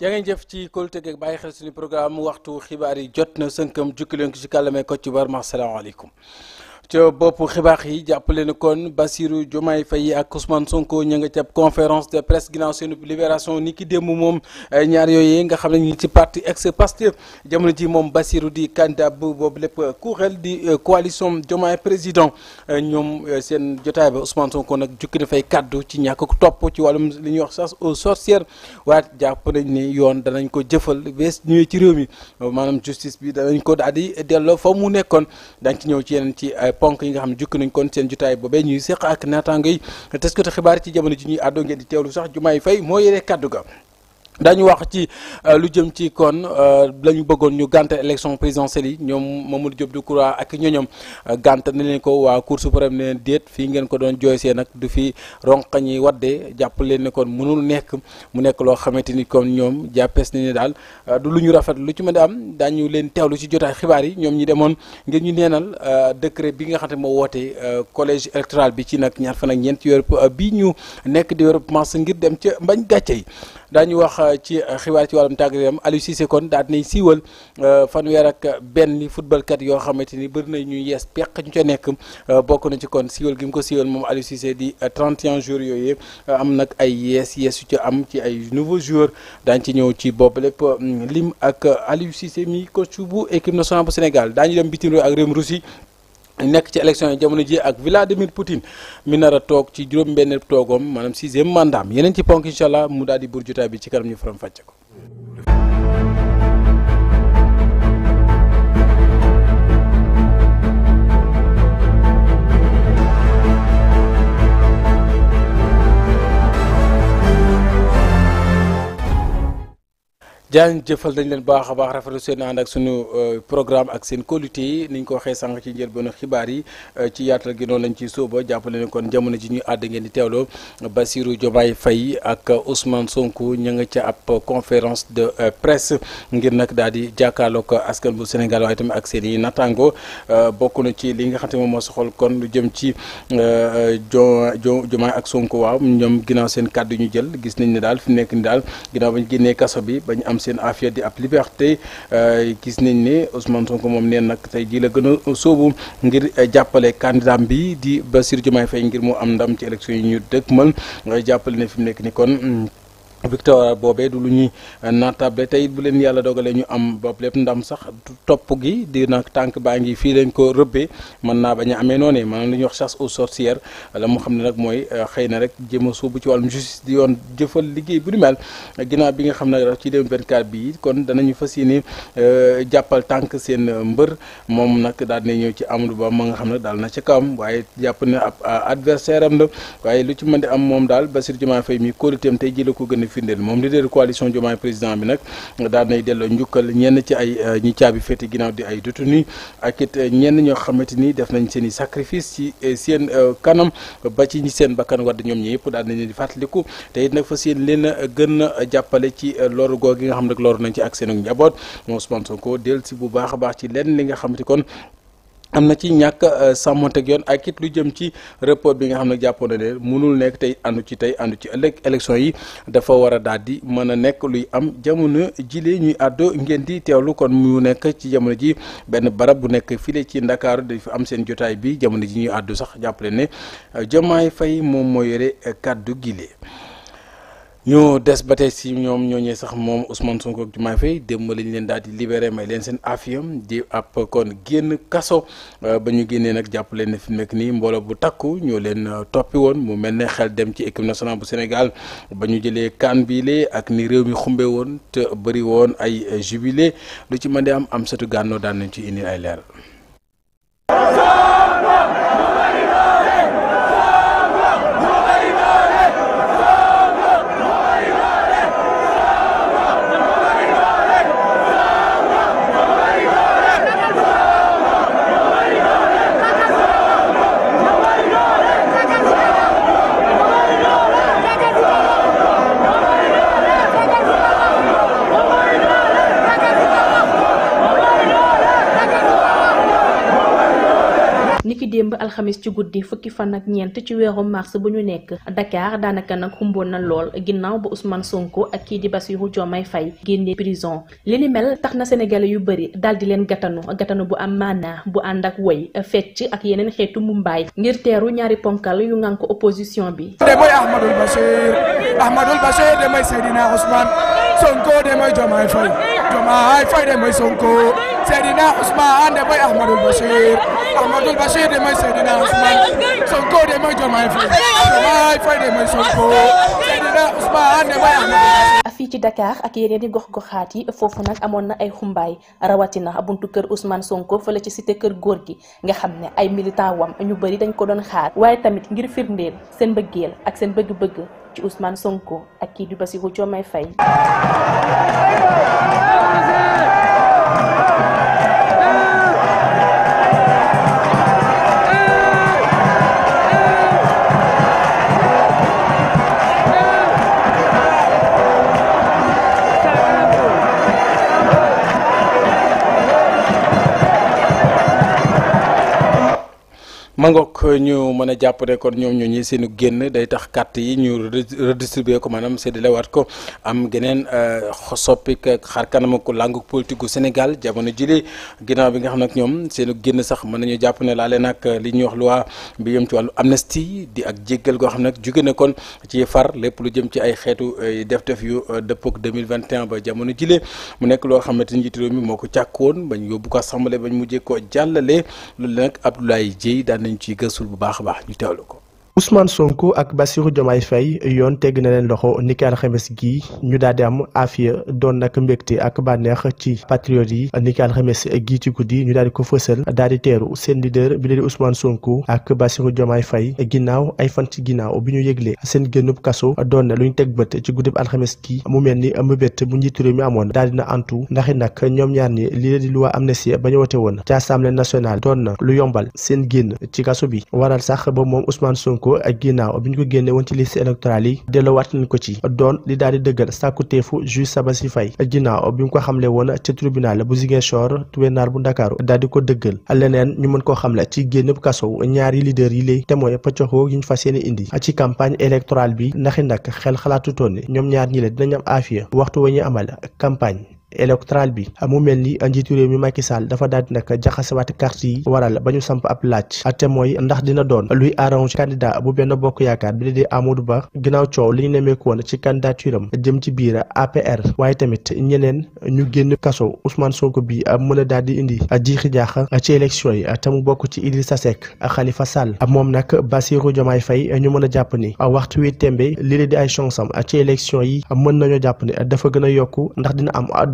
yaa jëf ci kóolute geeg bàyyi xel suñu programme waxtu xibaar yi jot na sënkam jukki leen ko ci kàllaamee ko ci war ma salaamaaleykum ca bop xibaar yi jappale ne kon Bassirou Diomaye Faye ak Ousmane Sonko ñinga ci conférence de presse ginnaaw seen libération ni ki démb moom eh, ñaar yooyu nga xam ci parti ex pasteur jamono ji mom Bassirou di candidat bu boobu lépp di eh, coalition Diomaye président eh, ñom seen jotaay ba Ousmane Sonko nak jukki na fay cadeau ci ñak ko top ci walum li ñu wax sax aux sorcières wa jàpp nañ ni yoon danañ ko jëfal bes ñu ci réew mi manam justice bi danañ ko daal delo delloo fa mu dañ ci ñew ci yenen ci. ponk yi nga xam ne jukki nañ kon seen jotaay boobee ñuy séq ak naataango yi taskatu xibaar ci jamono ji ñuy àddoo ngeen di sax Jumaay Fay moo yore kaddu ga dañu wax ci euh, lu jëm ci kon euh, la ñu bëggoon ñu gànte élection présidentielle yi ñoom Mamadou Diop Decroix ak ñoñoom euh, gànt na leen ko waa Cour suprême ne leen déet fii ngeen ko doon see nag du fi ronqa ñi waddee jàpp leen ne kon mënul nekk mu nekk loo xamante ni kon ñoom jàppees nañu ne daal du lu ñu rafet lu ci mën a am daañu leen teewlu ci jotaay xibaar yi ñoom ñi demoon ngir ñu neenal décret bi nga xam ne moo wootee collège électoral bi ci nag ñaar fan ak ci weer bi ñu nekk développement ngir dem ca mbañ gàcce yi daañu wax euh, ci euh, xibaar ci wàllum tàggat yaram Aliou kon daal di nañ siiwal euh, fanweer ak benn footballkat yoo xamante ni bëri nañ ñuy yees peq ñu ca nekk bokk na ci kon siiwal gi mu ko siiwal moom Aliou Cissé di 31 jours yooyu am nag ay yees yees yu ci am ci ay nouveaux joueurs daañu ci ñëw ci boobu lépp lim ak Aliou Cissé mi coach bu équipe nationale bu Sénégal daañu dem bitim réew ak réewum Russie nekk ci élection yi jamono ji ak Vladimir Poutine mi nar a ci juróom-benn toogoom maanaam sixième mandat yeneen ci ponk incha allah mu daal di buur jotaay bi ci kanam ñu faram fàcce ko jaan jëfal dañ leen baax a baax rafetlu seen ànd ak suñu euh, programme ak seen qualité yi ni ñu ko waxee sànq ci njëlbeenu xibaar yi euh, ci yaatal gi noonu lañ ci sóoba jàppale ne kon jamono ji ñuy àdd ngeen di teewloo Bassirou Diomaye fay ak Ousmane Sonko ñu nga ca ab conférence de euh, presse ngir nag daal di jàkkaarloog askan bu Sénégal waaye tamit ak seen i nattaango bokk na ci li nga xam te moom moo soxal kon lu jëm ci jo Diomaye ak Sonko waaw ñoom ginnaaw seen kàddu ñu jël gis nañ ne daal fi mu nekk ni daal seen affaire di ab liberté euh, gis nañ ne Ousmane Sonko moom neen nag tey jii la gën a ngir euh, jàppale candidat bi di Bassirou Diomaye Faye ngir mu am ndam ci élection yu ñu dëkkmal jàppale ne fi mu nekk ni kon mm, victoire boobee du lu ñuy naatable tey bu leen yàlla dogalee ñu am bopp lépp ndam sax topp gi di nag tànk baa ngi fii lañ ko rëbbee man naa ba a amee noonu maanaam li ñuy wax chasse au sorcières la mu xam ne nag mooy euh, xëy na rek jéem a suubu ci wàllum justice di yoon jëfal liggéey bu ni mel ginnaaw bi nga xam ne ci 2024 bii kon ñu fas yéene euh, jàppal tànk seen mbër moom nag daal dina ñëw ci Amadou Ba ma nga xam ne daal na ca kawam waaye jàpp ne ab euh, adversaire am la ci mën di am moom firndeel moom leader coalition Diomaye président bi nag daan nay delloo njukkal ñenn ci ay euh, ñi caabi féete ginnaaw di ay détenu ak it euh, ñenn ñoo xamante ni def nañ seen i sacrifice ci euh, seen kanam ba ci ñi seen bakkan wadd ñoom ñi yëpp daan nañ leen di fàttaliku te nag fa yéene leen a gën a jàppale ci loru googu nga xam nag loru nañ ci ak seen njaboot moom Ousmane Sonko del si bu baax a baax ci lenn li nga xamante kon am na ci ñàkk euh, sàmmonteeg yoon ak it lu jëm ci report bi nga xam ne jàppoon na ne mënul nekk tey àndu ci tey àndu ci ëllëg élection yi dafa war a daal di mën a nekk luy am jamono jilee ñuy àddoo ngeen di teewlu kon mu nekk ci jamono ji benn barab bu nekk file ci ndakaaru dañ fa am seen jotaay bi jamono ji ñuy àddu sax jàppale ne euh, Diomaye fay moom moo yore euh, kàddu gile ñu des ba tey si ñoom ñoo ñooñee sax moom Ousmane Sonko ak Diomaye Faye démb lañ leen daal di may leen seen afiyam di ab kon génn kaso euh, ba ñu génnee nag jàpp leen ne nekk nii mbooloo bu takku ñoo leen euh, toppi woon mu mel ne xel dem ci équipe nationale bu Sénégal ba ñu jëlee kan biile ak ni réew mi xumbe woon te bari woon ay jubilé lu ci mën di am am satu gànnoo daan nañ ci indi ay leer. démb alxamis ci guddi fukki fan ak ñeent ci weeru mars bu ñu nekk Dakar daanaka nag xumboon na lool ginnaaw ba Ousmane Sonko ak kii di Bassirou Diomaye Faye génnee prison li ni mel tax na senegale yu bëri daal di leen gatanu gatanu bu am maanaa bu ànd ak woy fecc ak yeneen xeetu mumbaay ngir teeru ñaari ponkal yu ngan ko opposition bi de mooy Ahmadul Bachir Ahmadul Bachir de mooy de mooy mooy fii ci dakaar ak yeneen i gox-goxaat yi foofu nag amoon na ay xumbaay rawatina buntu kër usmaan Sonko fële ci cité kër góor gi nga xam ne ay militant wam ñu bari dañ ko doon xaar waaye tamit ngir firndeel seen bëggeel ak seen bëgg-bëgg ci usmaan Sonko ak kii di Bassirou Diomaye Faye mangook ñu mën a jàpp ne kon ñoom ñooñu seenu génn day tax carte yi ñu redistribuer ko maanaam séddalewaat ko am geneen euh, soppik xar kanama ko làngu politique gu Sénégal jamono jili ginnaaw bi nga xam nag ñoom seenu génn sax mën nañu jàpp ne laale nag li ñuy wax lu waa bi yëm ci wàllu amnistie di ak jéggal goo xam nag jóge na kon ci far lépp lu jëm ci ay xeetu def-def yu euh, dëppook 2021 ba jamono jile mu nekk loo xamante ni njiitu mi moo ko càkkoon bañ yóbbu ko assemblée bañ mujjee koo jàllale loolu nañ ci gëstul bu baax a baax ñu teewlu ko. Ousmane Sonko ak Bassirou Diomaye Faye yoon teg na leen loxo niki alxames gi ñu daal di am afiya doon nag mbégte ak bànneex ci patriote yi niki alxames gi ci guddi ñu daal di ko fësal daal di teeru seen leader bi leen di Ousmane Sonko ak Bassirou Diomaye Faye ginnaaw ay fan ci ginnaaw bi ñu yëgle seen génnub kaso doon na lu ñu teg bët ci guddib alxames gi mu mel ni mbébét bu njiitu réew mi amoon daal dina antu ndaxi nag ñoom ñaar ñi lii di loi amnistie ba ñu wote woon ci assemblée nationale doon na lu yombal seen génn ci kaso bi ko ak ginnaaw bi ñu ko génne woon ci liste électorale yi delluwaat nañ ko ci doon li daal di dëggal sàkkuteefu juge Sabassy Faye ginnaaw bi mu ko xamle woon ca tribunal bu Ziguinchor tuwénaar bu Ndakaaru daal di ko dëggal leneen ñu mën koo xamle ci génn kaso ñaari leader yi lay te mooy pëccoxoo yi ñu fas yéene indi ci campagne électorale bi ndaxi nag xel xalaatu ni ñoom ñaar ñi le dinañ am aafiya waxtu wa ñuy amal campagne électoral bi mu mel ni njiitu réew mi Macky Sall dafa daal di nag jaxasewaat carte yi waral ba ñu samp ab laaj te mooy ndax dina doon luy arrange candidat bu benn bokk yaakaar bi di Amadou Ba ginnaaw coow li ñu nemmeeku woon ci candidature am jëm ci biir APR waaye tamit ñeneen ñu génn kaso Ousmane Sonko bi mën a daal di indi a jiixi jaax ci élection yi te mu bokk ci Idrissa Seck Khalifa Sall moom nag Bassirou Diomaye Faye ñu mën a jàpp ni waxtu wi tembe lii di ay chance yi mën nañoo jàpp a yokk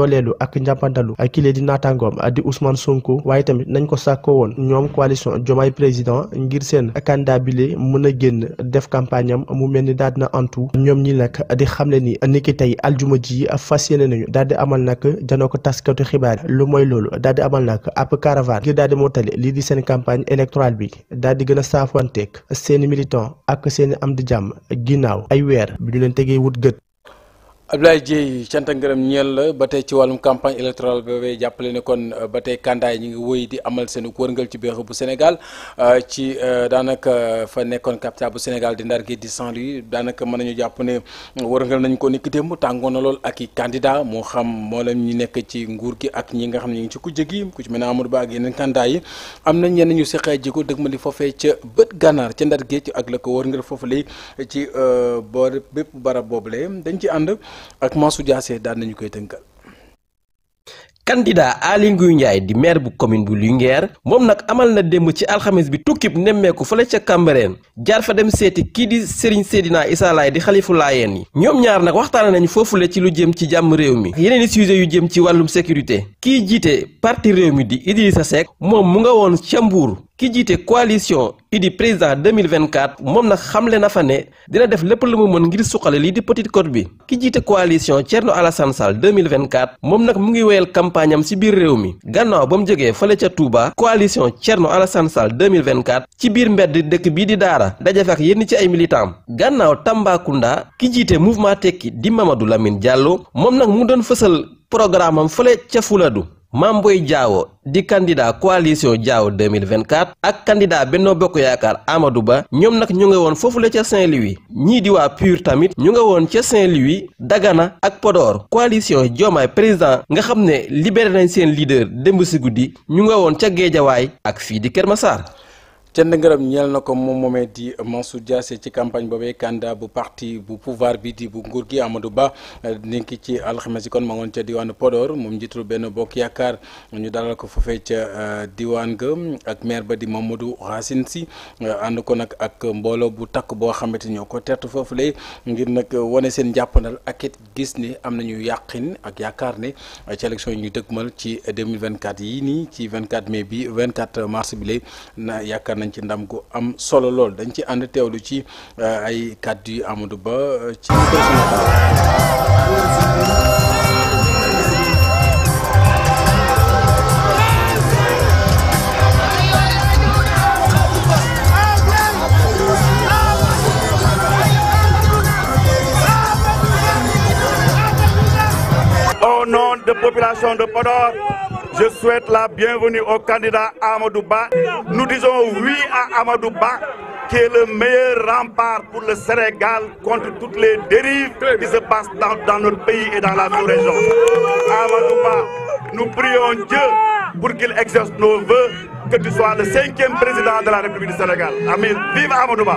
dooleelu ak njàmpandalu ak kile di naataangoom di Ousmane Sonko waaye tamit nañ ko sàkkoo woon ñoom coalition Diomaye Président ngir seen candidat bi le mën a génn def campagne mu mel ni daal na antu ñoom ñi nag di xamle ni niki tey aljuma ji fas yéene nañu daal di amal nag janoo ko taskatu xibaar lu mooy loolu daal di amal nak ab caravane ngir daal di lii di seen campagne électorale bi daal di gën a saafanteeg seeni militant ak seeni am di jàmm ginnaaw Abdoulaye Dieye cant ak ngërëm ñeel la ba tey ci wàllum campagne électorale boobee jàppale ne kon euh, ba tey kandaay ñi ngi wéy di amal seen wërngal ci biir bu Sénégal euh, ci euh, daanaka fa nekkoon capital bu Sénégal di ndar gi di Saint-Louis daanaka mën nañu jàpp ne wërngal nañ ko niki démb tàngoon na lool ak i candidat moo xam moo leen ñu nekk ci nguur gi ak ñi nga xam ne ñu ngi ci ku gi ku ci mel ne Amadou Ba ak yeneen kandidat yi am na ñenn ñu seqee jiko dëgg ma di foofee ca bët gànnaar ca ndar géej ak la ko wërngal foofu lay ci boor bépp barab boobule dañ ci ànd ak Mansour Diassé daan nañu koy tënkal. candidat Aly Ngouille Ndiaye di maire bu commune bu ngeer moom nag amal na démb ci alxamis bi tukkib nemmeeku fële ca Cambérène jaar fa dem seeti kii di Serigne Seydina Issa di xalifu laayeen yi ñoom ñaar nag waxtaane nañu foofu foofule ci lu jëm ci jàmm réew mi yeneen i yu jëm ci wàllum sécurité kii jiite parti réew mi di Idrissa Seck moom mu nga woon ca Mbour ki jiite coalition Idy Président 2024 moom nag xamle na fa ne dina def lépp lu mu mën ngir suqale li di Petite Côte bi ki jiite coalition Thierno Alassane Sall 2024 moom nag mu ngi wéyal campagne am ci biir réew mi gannaaw ba mu jógee fële ca Touba coalition Thierno Alassane Sall 2024 ci biir mbedd dëkk bi di Daara daje ak yenn ci ay militant gànnaaw Tambacounda ki jiite mouvement tekki di Mamadou Lamine Diallo moom nag mu doon fësal programme am fële ca Fuladu Mambwe Djawo di kandida Koalisyon Djawo 2024 ak kandida Benno Bokoyakar Amadouba, nyom nak nyon gawon Foufoule Tiasen Lui, Nyi Diwa Pur Tamit, nyon gawon Tiasen Lui, Dagana ak Podor, Koalisyon Djawo Mai Prezident, ngakamne Liberation Leader Dembousse Goudi, nyon gawon Tchage Djawai ak Fidi Kermasar. cënd ngërëm ñeel na ko moom di Mansour Diassé ci campagne bobé kanda bu parti bu pouvoir bi di bu nguur gi Amadou Ba ni ki ci alkhamis kon ma ngon ci diwan Podor mom njiitul ben bok yaakaar ñu dalal ko fofé ci euh, diwan ga ak maire ba di Mamadou Racine Sy and euh, ko nak ak mbolo bu tak bo xamante ñoko ko tertu foofu lay ngir nak woné sen jàppandal ak et gis ni amna ñu yaqin ak yaakaar ne ci élection yi ñu ci 2024 yi ni ci 24 mai bi 24 mars bi lay na yakar nañ ci ndam gu am solo lool dañ ci and tewlu ci euh, ay kaddu Amadou Ba euh, ci population de Podor, Je souhaite la bienvenue au candidat Amadouba. Nous disons oui à Amadouba, Ba, qui est le meilleur rempart pour le Sénégal contre toutes les dérives qui se passent dans, notre pays et dans la région Amadou nous prions Dieu pour qu'il exerce nos voeux, que tu sois le cinquième président de la République du Sénégal. Amen. Vive Amadou Ba.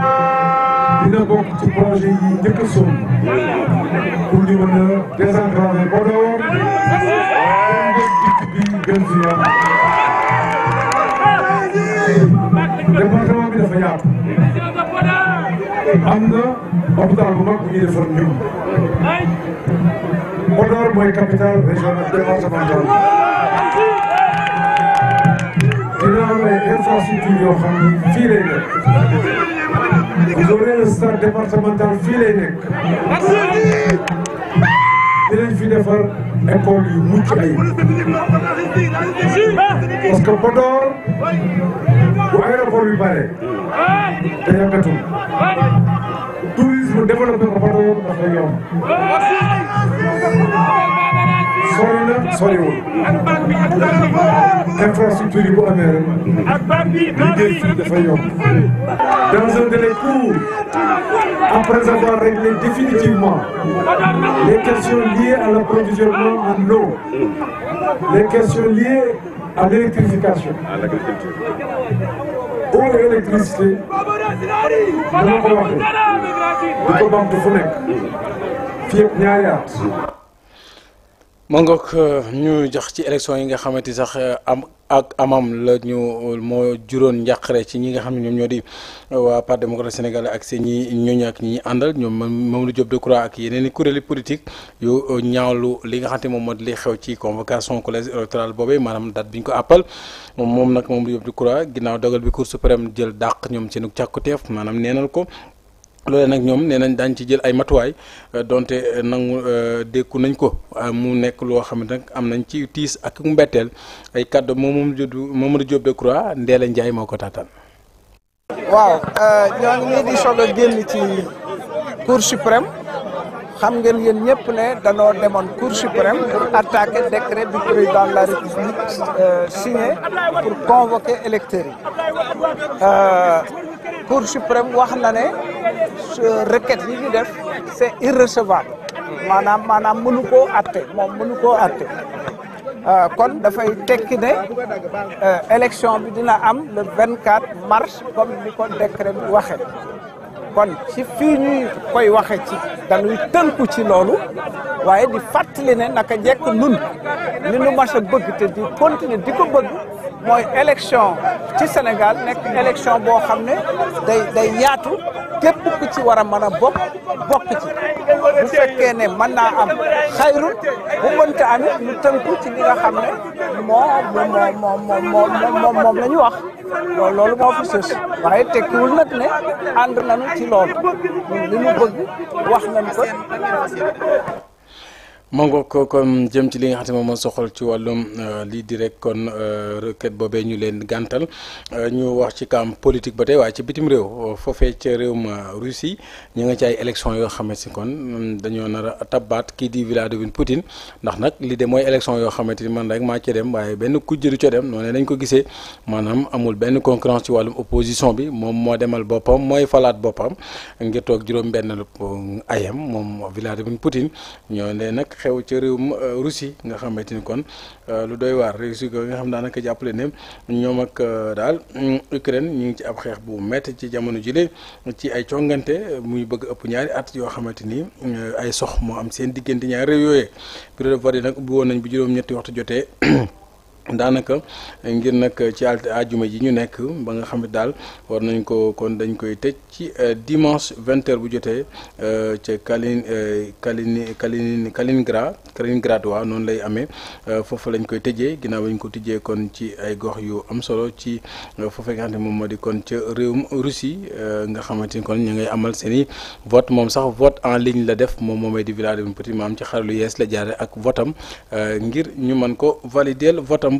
dina bokk ci projet yi njëkk a sóobu pour ñu mën a désenclaver Podor bi gën fi yomb. département bi dafa yaatu. am na hôpital bu mag bu ñuy defar ñun. Podor mooy capitale régionale départementale. dina am ay infrastructures yoo xam ni fii lay nekk. vous aurez le stade départemental fii lay nekk. dinañ fi defar école yu mucc ayib. parce que Podor bu aéroport bi bare te yàggatul. tourisme développé ko Podor dafa yomb. Soyons, infrastructure dans un délai court après avoir réglé définitivement les questions liées à l'approvisionnement en eau les questions liées à l'électrification à l'agriculture, électricité l'électricité, ma euh, ñu jox ci élection yi nga xamante sax euh, am ak amam la ñu euh, moo juróon njàqare ci ñi nga xam ne ñoom ñoo di waa Parti démocratique sénégalais ak seen ñi ñooñu ak ñi àndal ñoom Mamadou Diop Decroix ak yeneen i kuréeli politique yu ñaawlu li nga xam te moom moo di li xew ci convocation collège électoral boobee maanaam date bi ñu ko àppal moom moom nag Mamadou Diop Decroix ginnaaw dogal bi Cour suprême jël dàq ñoom seenu càkkuteef maanaam neenal ko loole nag ñoom nee nañ daañu ci jël ay matuwaay euh, donte euh, nangu euh, dékku nañ ko mu nekk loo xam nag am nañ ci tiis ak mbetteel ay kàddu moom Mamadou Diop Decroix Ndéla Ndiaye moo ko taataan. waaw ñoo ngi nii di soog a génn ci cour suprême xam ngeen yéen ñëpp ne danoo demoon cour suprême pour attaquer décret du président de la république signé pour convoquer électeurs yi. cour suprême wax na né requête yi ñu def c'est irrecevable manam manam mënu ko atté mom mënu atté euh kon fay tekki euh élection bi dina am le 24 mars comme ni ko décret waxé kon ci fi ñuy koy waxé ci ñuy teunku ci lolu waaye di fatali né naka jekk nun li nu mas bëgg te di continuer di bëgg mooy élection ci Sénégal nekk élection boo xam ne day day yaatu képp ku ci war a mën a bokk bokk ci bu fekkee ne mën naa am xayrul bu mënta amit ñu tënku ci li nga xam ne moo moo moom la ñu wax loolu loolu moo fi sus waaye tekkiwul nag ne ànd nañu ci loolu li ñu bëgg wax nañ ko. ma ngoog kon jëm ci li nga xam ne moom moo soxal ci wàllum euh, lii di rek kon euh, requête boobee ñu leen gàntal euh, ñu wax ci kaam politique ba tey waaye ci bitim réew foofee ca réew ma Russie ñu nga ci ay élection yoo xamante si kon mm, dañoo nara a tabbaat kii di Vladimir Poutine ndax nag lii de mooy élection yoo xamante ni man rek maa ca dem waaye benn kujjëru ca dem noonu lañ ko gisee maanaam amul benn concurrence ci wàllum opposition bi moom moo demal boppam mooy falaat boppam ngir toog juróom benn ayam moom Vladimir Poutine ñoo ne nag xew ca réewum euh, russi nga xamante ni kon euh, lu doy waar Russie ko nga xam daanaka jàppale ne ñoom ak euh, daal mm, Ukraine ñu ngi ci ab xeex bu métti ci jamono jile ci ay congante muy bëgg ëpp ñaari at yoo xamante ni ay sox moo am seen diggante ñaari réew yooyee période de vote nag ubbi woon nañ bu juróom-ñetti waxtu jotee. daanaka ngir nag ci alt ajuma ji ñu nekk ba nga xam ne daal war nañ ko kon dañ koy tëj ci euh, dimanche vingt bu jotee euh, ca Kalin euh, Kalin Kalin Kaliningrad Kaliningrad waa noonu lay amee foofu lañ koy tëjee ginnaaw bañ ko tëjee kon ci ay gox yu am solo ci foofu nga moom moo di kon ca réew réewum Russie nga xamante ni kon ñu ngay amal seen i vote moom sax vote en ligne la def moom moomay di Vladimir Poutine maam ci lu yees la jaare ak votam ngir ñu mën ko valider votam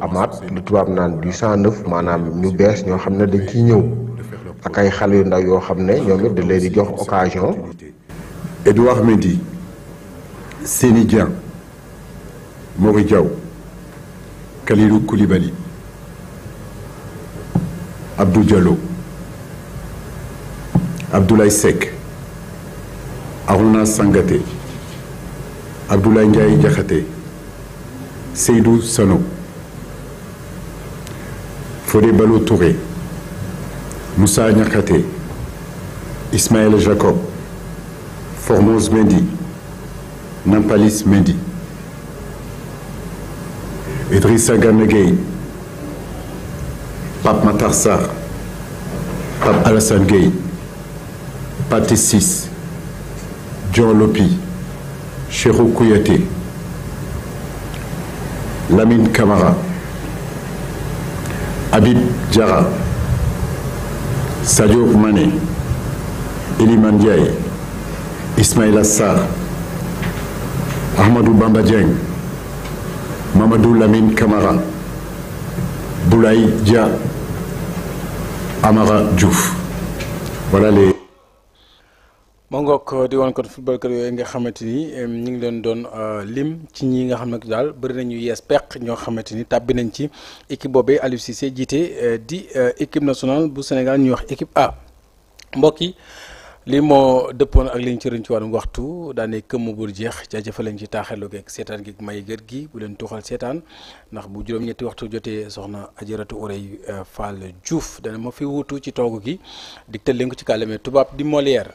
amaat le tubaab naan du 109 ñu bees ñoo xam ne dañ ñëw ak ay avons yu ndaw Edouard Mendy Mori Koulibaly Abdou Diallo Abdoulaye Seck Aruna Sangaté Abdoulaye Ndiaye Diakhaté Seydou Sano Touré, Moussa Nyakate, Ismaël Jacob, Formose Mendy, Nampalis Mendy, Idrissa Ganegay, Pape Matarsar, Pape Alassane Gueye, Patissis, John Lopi, Chérou Kouyaté, Lamine Kamara, Abid Jara, Sadio Mané Eliman Ismail Ismaïla Ahmadou Bamba Dieng Mamadou Lamine Kamara Boulaye Dia Amara Djouf. voilà les moo ngoog uh, di woon kon football kër yooyu nga xamante ni ñu ngi leen doon uh, lim ci ñi nga xam ne daal bëri ñu yees peq ñoo xamante ni tàbbi nañ ci équipe boobee Aliou Cissé jiite uh, di équipe nationale bu Sénégal ñuy wax équipe A mbokk yi lii moo dëppoon ak liñ ci rëñ ci wàllum waxtu daanee këmm bul jeex jaajëfal lañ ci taaxeelu geeg seetaan gi may gër gi bu leen tuuxal seetaan ndax bu juróom-ñetti waxtu jotee soxna ajaratu Ourey Fall Diouf dana ma fi wuutu ci toogu gi di tël leen ko ci kàllaame tubaab di Molière